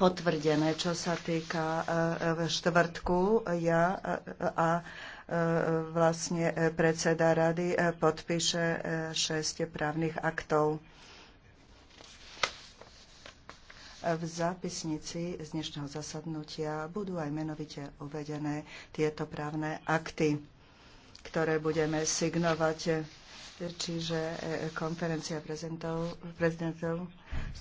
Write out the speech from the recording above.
potvrdené, čo sa týka e, e, štvrtku. Ja e, a vlastne predseda rady podpíše šesť právnych aktov. V zápisnici z dnešného zasadnutia budú aj menovite uvedené tieto právne akty, ktoré budeme signovať. Čiže konferencia prezidentov